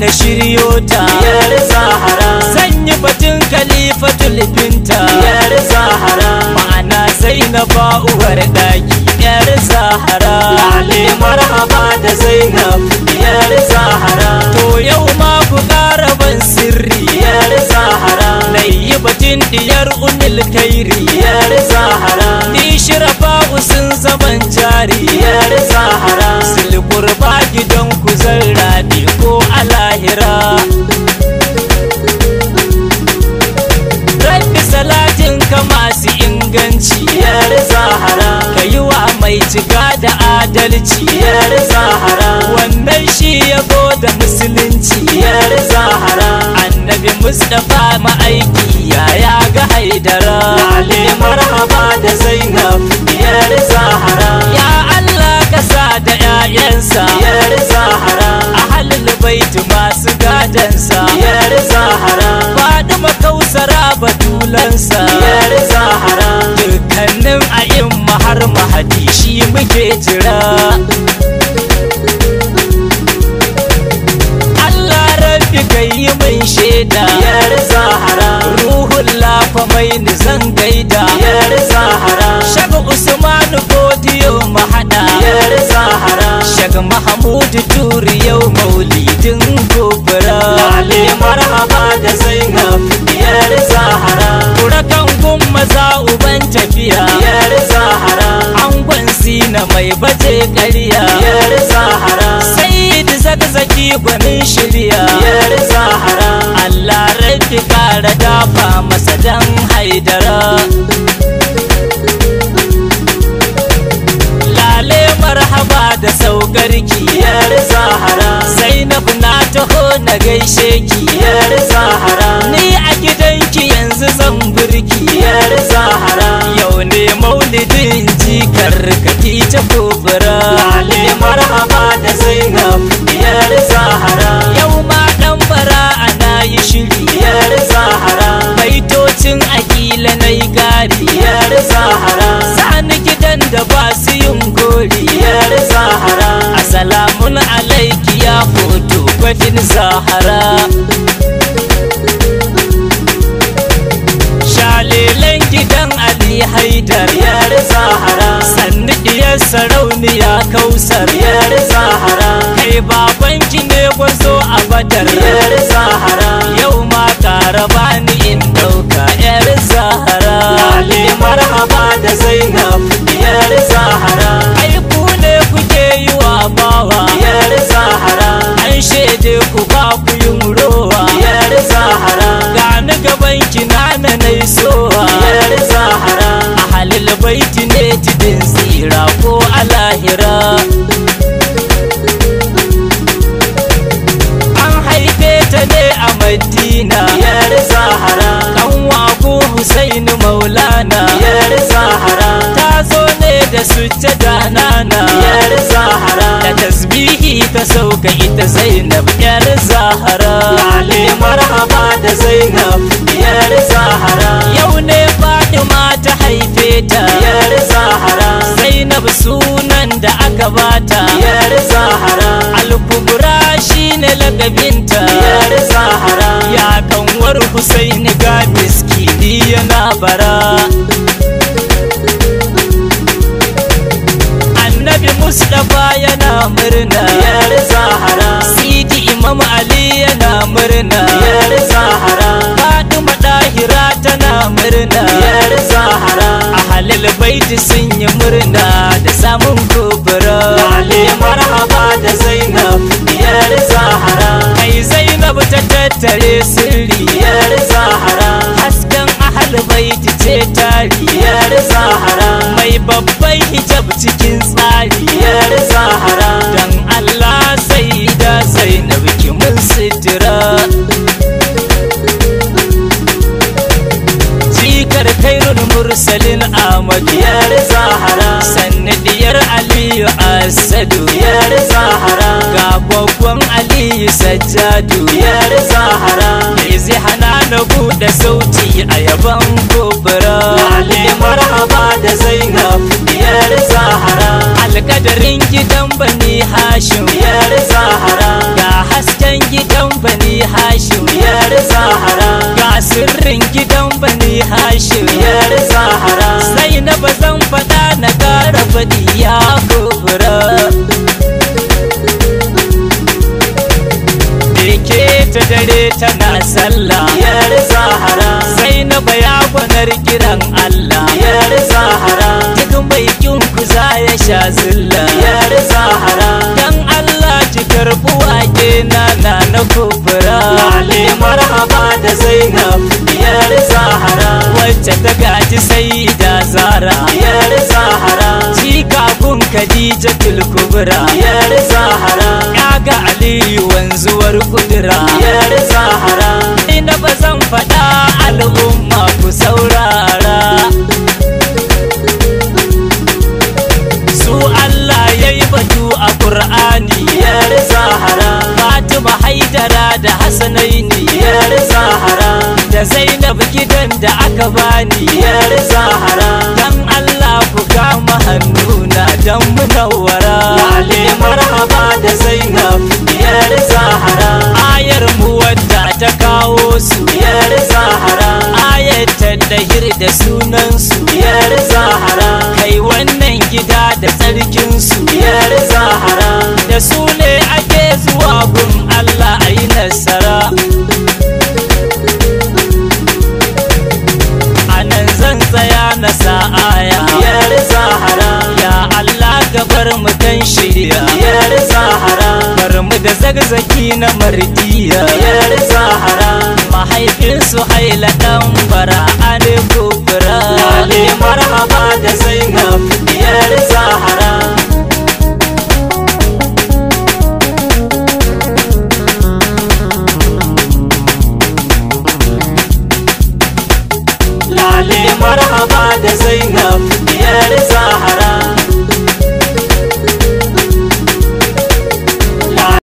na shiryo ta diyar zahara zan yi batun khalifatul binta diyar zahara ma'ana zainaba uwar daki diyar zahara lale marhaba da zainab diyar zahara to yau ma ku ƙara ban sirri diyar zahara na yi batun diyar unil kairi diyar zahara ni shirafa sun zaman jari adalci yar zahara wannan shi yabo da musulunci yar zahara annabi mustapha ma'aiki ya ga haidara lale marhaba da zainab yar zahara ya allah kasa da 'ya'yansa yar zahara a halin masu gadansa daɗi shi muke jira Allah rabi kai mai shaida yar zahara ruhun lafa mai zan gaida yar zahara shaga usman godiyo mahada yar zahara shaga mahamudu turi yau maulidin gobara lale marhaba da mai bace ƙarya yar sahara sai da zaki gwanin shirya yar sahara Allah rabbi kara dafa masa dan haidara lale marhaba da saukarki yar sahara sai na taho na gaishe ki yar sahara ni a gidanki yanzu zan burki yar sahara yau ne maulidin Zainar ta Kubra Lale marhaba da Zainab Diyar Zahara Yau ma dan bara ana yi shiri Diyar Zahara Baitocin akila na yi gari Diyar Zahara Sani gidan da ba su yin gori Diyar Zahara Asalamun alaiki ya hoto gwajin Zahara Shalelen gidan Ali Haidar yar sarauniya kausar yar zahara kai baban ki ne gwazo a badar yar zahara yau ma kara bani in dauka yar zahara lale marhaba da zainab yar zahara ai ku ne kuke yi wa bawa yar zahara an shede ku ba ku yi muro hijira an haife ta ne a madina yar zahara kanwa ko husaini maulana yar zahara ta zo ne da sujjada nana yar zahara tabi'i ta sauka ita zainab yar zahara lale marhaba da zainab yar zahara yau ne fatima ta haife ta yar zahara zainab sunan da aka bata yar zahara alkubura shine lakabinta yar zahara ya kanwar husaini ga biski yana bara Imam Ali yana murna Yar Sahara Fatima Dahira tana murna Yar Sahara Ahlul Baiti sun asalin Ahmad yar Zahara sanni diyar Aliyu Asadu yar Zahara ga babban Aliyu Sajjadu yar Zahara izi hana na buɗe sauti a yaban gobara Ali marhaba da Zainab yar Zahara alkadarin gidan Bani Hashim yar Zahara ga hasken gidan Bani Hashim yar Zahara ga sirrin gidan hashim yar sahara sai na bazan fada na kara fadi ya kubura Rike ta dare tana sallah yar sahara sai na bayanar kiran Allah yar sahara duk mai kinkuza ya sha zilla yar sahara dan Allah jikar karbu na na na kubura marhaba da Zainab yar Zahara wacce ta gaji sai da zara yar zahara jika gun khadija tulkubra yar zahara ya ga aliyu wanzuwar kudura yar zahara rabu gidan da aka bani yar sahara dan Allah ku kama hannuna dan munawwara lale marhaba da zainab yar zahara ayar mu wadda ta kawo su yar sahara ayar ta da sunan su da zagzaki na martiya yar zahara mahaifin su haila dan bara an kubra lale marhaba da zainab yar zahara